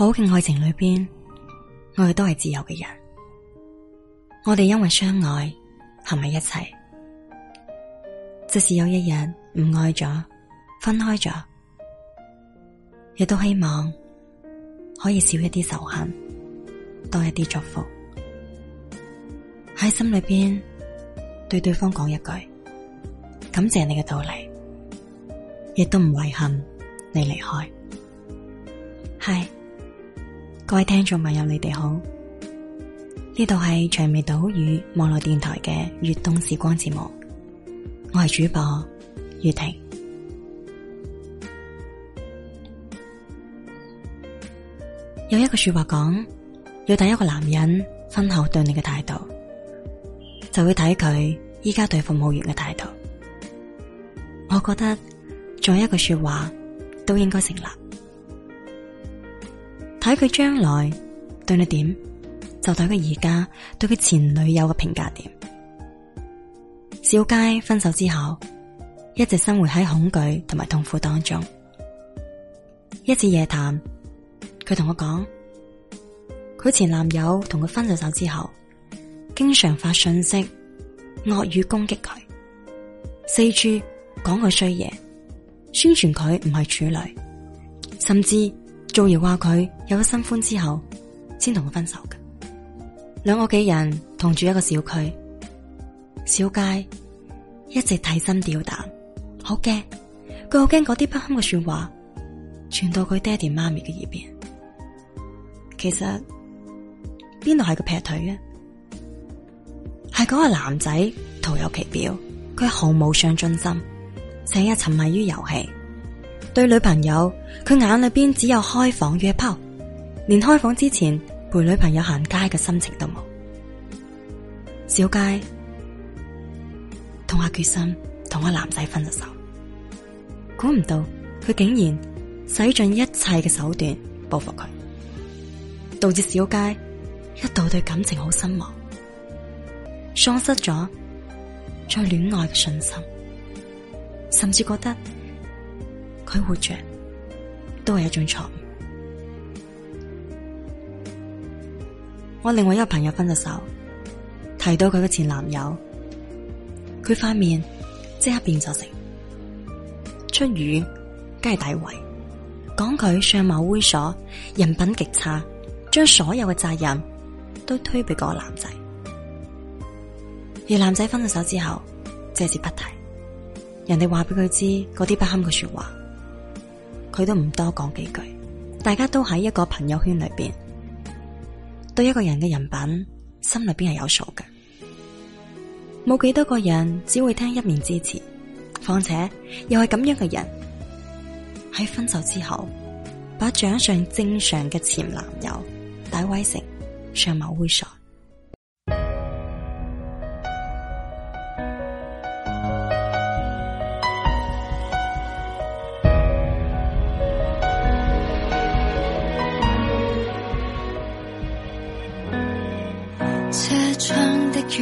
好嘅愛情裏邊，我哋都係自由嘅人。我哋因為相愛，合埋一齊。即使有一日唔愛咗，分開咗，亦都希望可以少一啲仇恨，多一啲祝福。喺心裏邊對對方講一句，感謝你嘅到嚟，亦都唔遺憾你離開。係。各位聽眾朋友，你哋好，呢度係長尾島嶼網絡電台嘅粵東時光節目，我係主播月婷。有一句說話講，要睇一個男人婚後對你嘅態度，就會睇佢依家對服務員嘅態度。我覺得仲有一句說話都應該成立。睇佢將來對你點，就睇佢而家對佢前女友嘅評價點。小佳分手之後，一直生活喺恐懼同埋痛苦當中。一次夜談，佢同我講，佢前男友同佢分咗手之後，經常發信息，惡語攻擊佢，四處講佢衰嘢，宣傳佢唔係處女，甚至，造謠話佢有咗新歡之後先同佢分手嘅，兩個屋企人同住一個小區，小佳一直提心吊膽，好驚佢，好驚嗰啲不堪嘅說話傳到佢爹哋媽咪嘅耳邊。其實邊度係個劈腿嘅？係嗰個男仔徒有其表，佢毫冇上進心，成日沉迷於遊戲。對女朋友，佢眼裏邊只有開房約炮，連開房之前陪女朋友行街嘅心情都冇。小佳痛下決心同阿男仔分咗手，估唔到佢竟然使盡一切嘅手段報復佢，導致小佳一度對感情好失望，喪失咗再戀愛嘅信心，甚至覺得。佢活着都係一種錯誤。我另外一個朋友分咗手，提到佢嘅前男友，佢塊面即刻變咗成「春雨」，梗係詆毀，講佢相貌猥瑣、人品極差，將所有嘅責任都推俾嗰個男仔。而男仔分咗手之後，隻字不提，人哋話俾佢知嗰啲不堪嘅說話。佢都唔多講幾句，大家都喺一個朋友圈裏邊，對一個人嘅人品心裏邊係有數嘅。冇幾多個人只會聽一面之詞，況且又係咁樣嘅人喺分手之後，把掌上正常嘅前男友戴威成上某會所。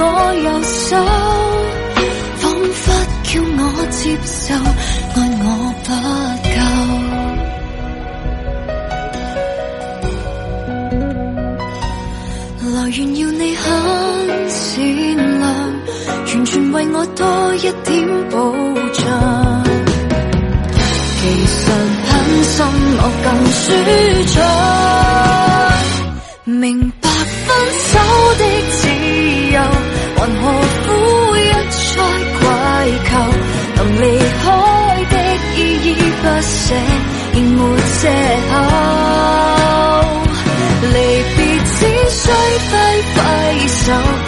我右手，彷彿叫我接受愛我不夠。來源要你很善良，完全為我多一點保障。其實狠心我更舒暢，明白分手的自由。何苦一再跪求？臨離開的依依不捨已沒借口。離別只需揮揮手。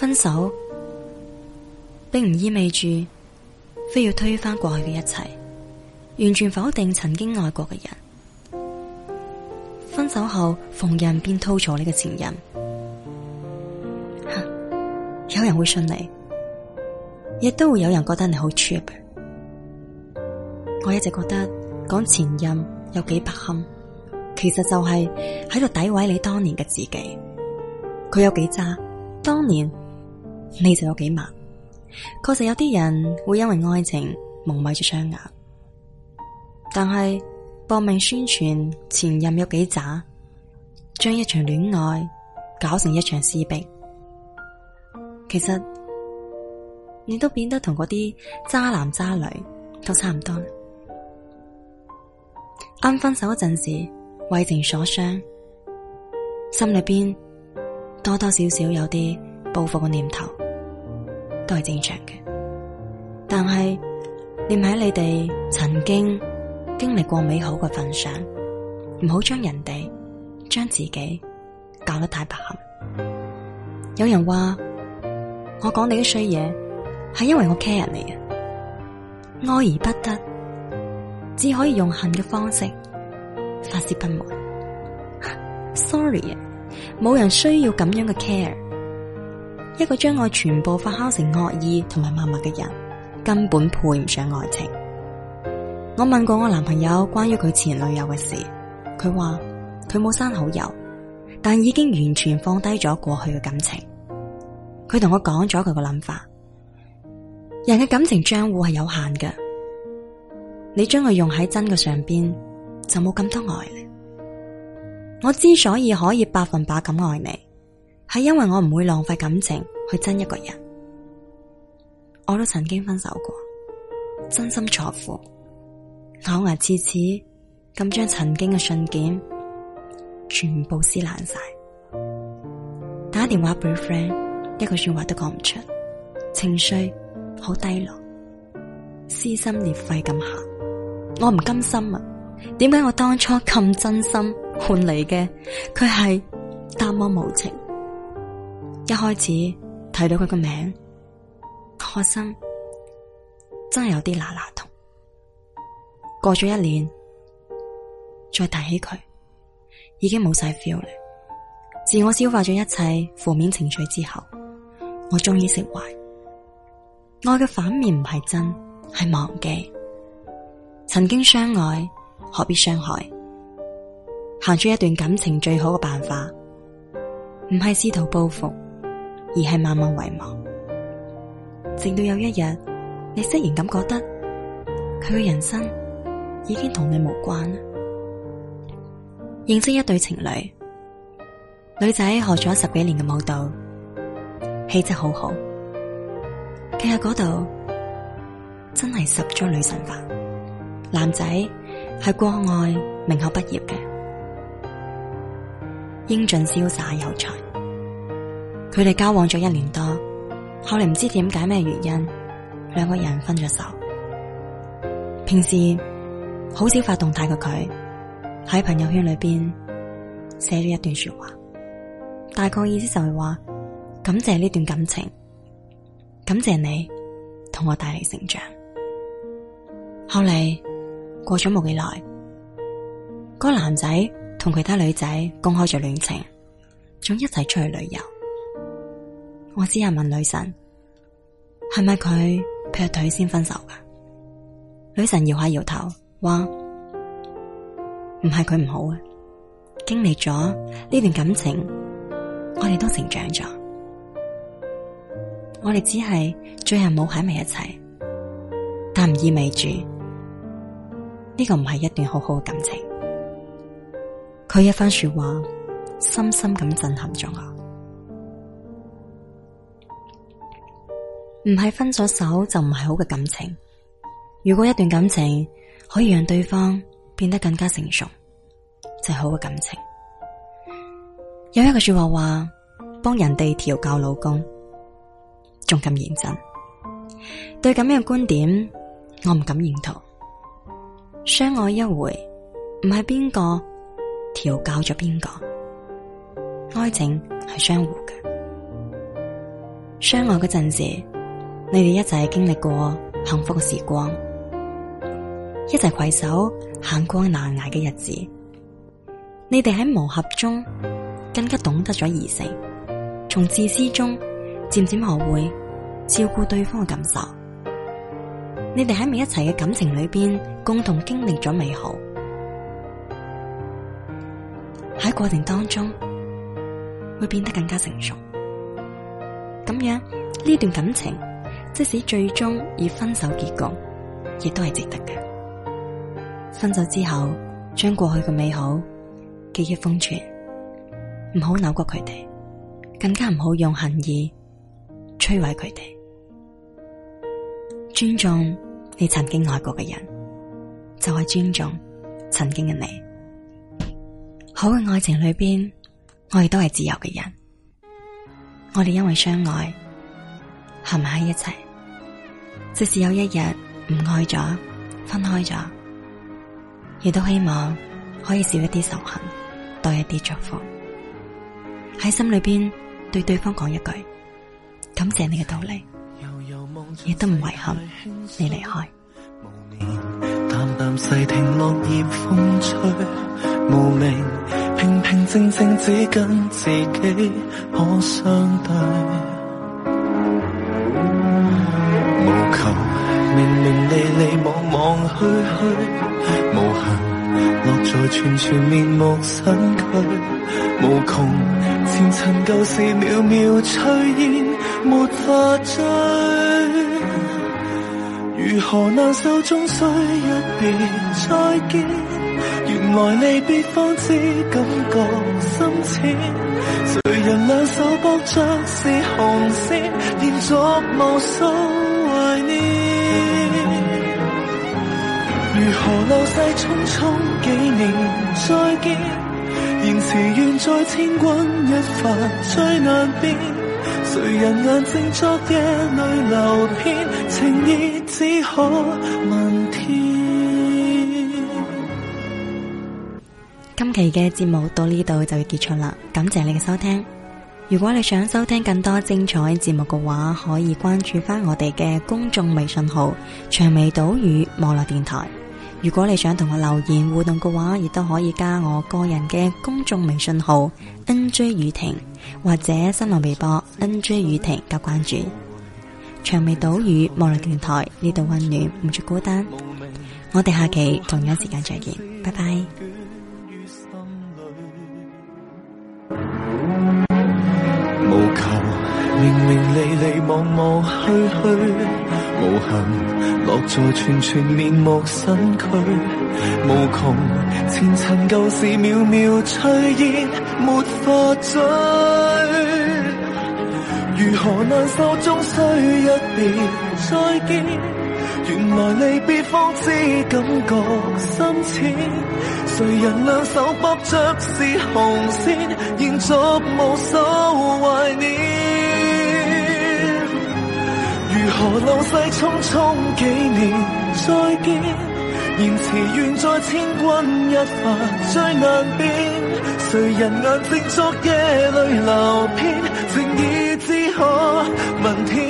分手並唔意味住非要推翻過去嘅一切，完全否定曾經愛過嘅人。分手後逢人便吐槽你個前任。啊，有人會信你，亦都會有人覺得你好 cheap。我一直覺得講前任有幾不堪，其實就係喺度詆毀你當年嘅自己。佢有幾渣，當年，你就有幾盲，確實有啲人會因為愛情蒙蔽住雙眼。但係搏命宣傳前任有幾渣，將一場戀愛搞成一場撕逼，其實你都變得同嗰啲渣男渣女都差唔多。啱分手嗰陣時，為情所傷，心裏邊多多少少有啲報復嘅念頭。都係正常嘅，但係念喺你哋曾經經歷過美好嘅份上，唔好將人哋將自己搞得太白。有人話我講你啲衰嘢，係因為我 care 你啊，愛而不得，只可以用恨嘅方式發洩不滿。 Sorry 啊，冇人需要咁樣嘅 care。一個將愛全部發酵成惡意同埋默默嘅人，根本配唔上愛情。我問過我男朋友關於佢前女友嘅事，佢話佢冇刪好友，但已經完全放低咗過去嘅感情。佢同我講咗佢個諗法，人嘅感情賬戶係有限嘅，你將佢用喺真嘅上邊，就冇咁多愛。我之所以可以百分百咁愛你，係因為我唔會浪費感情去憎一個人，我都曾經分手過，真心錯付，咬牙切齒咁將曾經嘅信件全部撕爛晒，打電話俾 friend，一句說話都講唔出，情緒好低落，撕心裂肺咁喊，我唔甘心啊！點解我當初咁真心換嚟嘅佢係淡漠無情？一開始睇到佢個名，我心真係有啲嗱嗱痛。過咗一年，再提起佢，已經冇晒 feel 啦。自我消化咗一切負面情緒之後，我終於釋懷。愛嘅反面唔係真，係忘記。曾經相愛，何必傷害？行出一段感情最好嘅辦法，唔係試圖報復。而係慢慢遺忘，直到有一日，你忽然咁覺得佢嘅人生已經同你無關。認識一對情侶，女仔學咗十幾年嘅舞蹈，氣質好好，企喺嗰度真係十足女神範。男仔係國外名校畢業嘅，英俊瀟灑有才。佢哋交往咗一年多，後嚟唔知點解咩原因，兩個人分咗手。平時好少發動態嘅佢喺朋友圈裏邊寫咗一段說話，大概意思就係話感謝呢段感情，感謝你同我帶嚟成長。後嚟過咗冇幾耐，個男仔同其他女仔公開咗戀情，仲一齊出去旅遊。我只係問女神係咪佢劈腿先分手噶？女神搖下搖頭，搖頭，話唔係佢唔好啊，經歷咗呢段感情，我哋都成長咗。我哋只係最後冇喺埋一齊，但唔意味住呢個唔係一段好好嘅感情。佢一番說話深深咁震撼咗我。唔係分咗手就唔係好嘅感情。如果一段感情可以讓對方變得更加成熟，就係好嘅感情。有一個說話話，幫人哋調教老公，仲咁認真。對咁樣嘅觀點，我唔敢認同。相愛一回，唔係邊個調教咗邊個，愛情係相互嘅。相愛嗰陣時。你哋一齊經歷過幸福嘅時光，一齊攜手行過難挨嘅日子。 你哋喺磨合中更加懂得咗異性， 從自私中漸漸學會照顧對方嘅感受。 你哋喺埋一齊嘅感情裏邊，共同經歷咗美好。喺 過程當中，會變得更加成熟。咁樣呢段感情。即使最終以分手結局，亦都係值得嘅。分手之後，將過去嘅美好記憶封存，唔好扭過佢哋，更加唔好用恨意摧毀佢哋。尊重你曾經愛過嘅人，就係尊重曾經嘅你。好嘅愛情裏邊，我哋都係自由嘅人。我哋因為相愛，行埋喺一齊。即使有一日唔愛咗，分開咗，亦都希望可以少一啲仇恨，多一啲祝福。喺心裏邊對對方講一句，感謝你嘅到來，亦都唔遺憾你離開無眠。淡淡細聽落葉風吹，無名平平靜靜只跟自己可相對。去去無痕，落在全全面目身軀，無窮前塵舊事，渺渺炊煙，沒法追。如何難受，終須一別再見。原來離別方知感覺深淺，誰人兩手握着是紅線，延續無數。如何流逝匆匆幾年？再見，言辭願再千鈞一髮，最難辨。誰人難靜？作嘅淚流遍，情意只可問天。今期嘅節目到呢度就要結束啦，感謝你嘅收聽。如果你想收聽更多精彩節目嘅話，可以關注翻我哋嘅公眾微信號“薔薇島嶼網絡電台”。如果你想同我留言互動嘅話，亦都可以加我個人嘅公眾微信號 nj 雨婷，或者新浪微博 nj 雨婷加關注。長眉島嶼網絡電台呢度溫暖，唔住孤單。我哋下期同樣時間再見，拜拜。迷迷惘惘，來來忙忙去去無痕，落在全全面目身軀無窮，前塵舊事渺渺炊煙沒法追，如何難受終須一別再見，原來離別方知感覺深淺，誰人兩手握着，是紅線，延續無數懷念。何老世匆匆幾年，再見，言辭願在千鈞一髮最難辨，誰人眼靜坐夜淚流遍，情已知可問天。